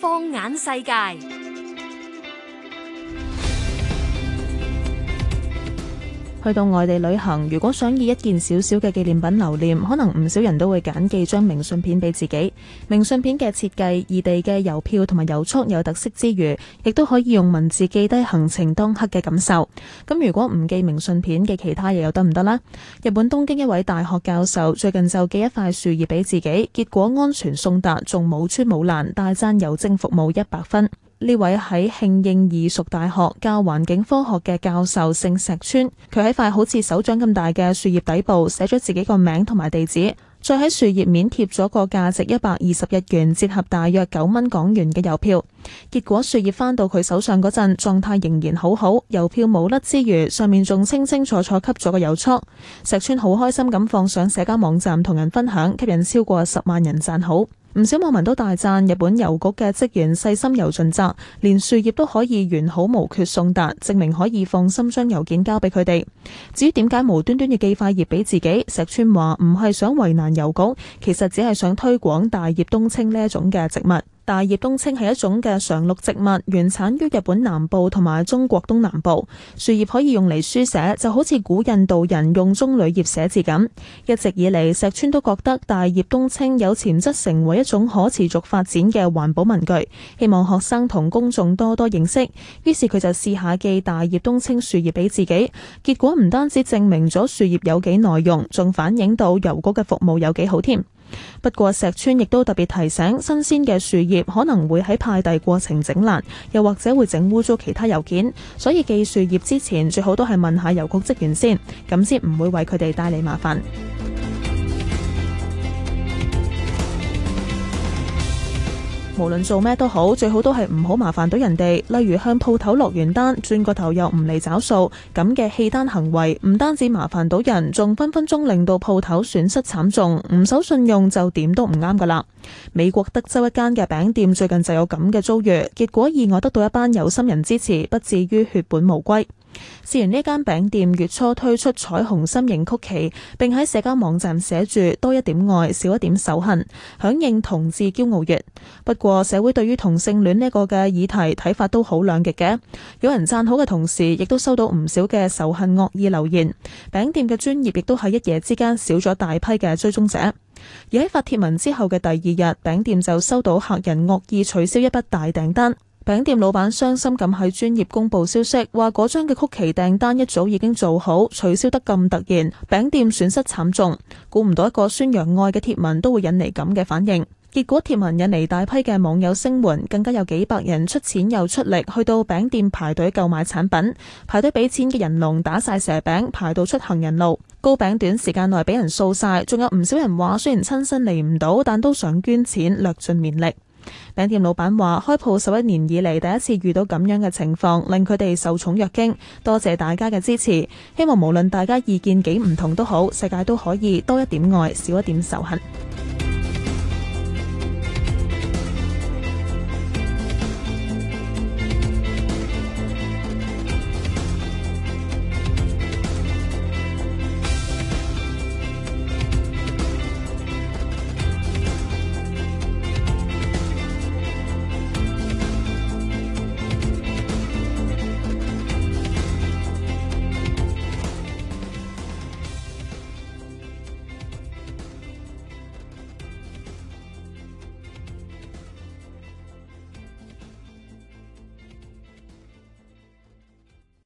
放眼世界。去到外地旅行，如果想以一件少少嘅紀念品留念，可能唔少人都會揀寄張明信片俾自己。明信片嘅設計，異地嘅郵票同埋郵戳有特色之餘，亦都可以用文字記低行程當刻嘅感受。咁如果唔寄明信片嘅其他嘢又得唔得咧？日本東京一位大學教授最近就寄一塊樹葉俾自己，結果安全送達，仲冇穿冇爛，大讚郵政服務一百分。呢位喺慶應義塾大學教環境科學嘅教授姓石川，佢喺塊好似手掌咁大嘅樹葉底部寫咗自己個名同埋地址，再喺樹葉面貼咗個價值一百二十日元，折合大約九蚊港元嘅郵票。結果樹葉翻到佢手上嗰陣，狀態仍然好好，郵票冇甩之餘，上面仲清清楚楚吸咗個郵戳。石川好開心咁放上社交網站同人分享，吸引超過十萬人讚好。唔少網民都大讚日本郵局嘅職員細心又盡責，連樹葉都可以完好無缺送達，證明可以放心將郵件交俾佢哋。至於點解無端端要寄塊葉俾自己，石川話唔係想為難郵局，其實只係想推廣大葉冬青呢一種嘅植物。大葉冬青係一種嘅常綠植物，原產於日本南部同埋中國東南部。樹葉可以用嚟書寫，就好似古印度人用棕櫚葉寫字咁。一直以嚟，石川都覺得大葉冬青有潛質成為一種可持續發展嘅環保文具，希望學生同公眾多多認識。於是佢就試下寄大葉冬青樹葉俾自己，結果唔單止證明咗樹葉有幾耐用，仲反映到郵局嘅服務有幾好添。不過石川亦都特別提醒，新鮮嘅樹葉可能會喺派遞過程整爛，又或者會整污糟其他郵件，所以寄樹葉之前最好都係問下郵局職員先，咁先唔會為佢哋帶嚟麻煩。無論做咩都好，最好都係唔好麻煩到人哋。例如向鋪頭落完單，轉個頭又唔嚟找數，咁嘅棄單行為，唔單止麻煩到人，仲分分鐘令到鋪頭損失慘重。唔守信用就點都唔啱㗎喇。美國德州一間嘅餅店最近就有咁嘅遭遇，結果意外得到一班有心人支持，不至於血本無歸。事緣呢間餅店月初推出彩虹心形曲奇，並喺社交網站寫住多一點愛，少一點仇恨，響應同志驕傲月。不過社會對於同性戀呢個嘅議題睇法都好兩極嘅，有人讚好嘅同時，亦都收到唔少嘅仇恨惡意留言。餅店嘅專業亦都喺一夜之間少咗大批嘅追蹤者。而喺發貼文之後嘅第二日，餅店就收到客人惡意取消一筆大訂單。餅店老闆傷心咁喺專業公布消息，話嗰張嘅曲奇訂單一早已經做好，取消得咁突然，餅店損失慘重。估唔到一個宣揚愛嘅貼文都會引嚟咁嘅反應。結果貼文引嚟大批嘅網友聲援，更加有幾百人出錢又出力去到餅店排隊購買產品。排隊俾錢嘅人龍打晒蛇餅，排到出行人路。糕餅短時間內俾人掃晒，仲有唔少人話，雖然親身嚟唔到，但都想捐錢，略盡綿力。餅店老闆話：開鋪十一年以嚟，第一次遇到咁樣嘅情況，令佢哋受寵若驚。多謝大家嘅支持，希望無論大家意見幾唔同都好，世界都可以多一點愛，少一點仇恨。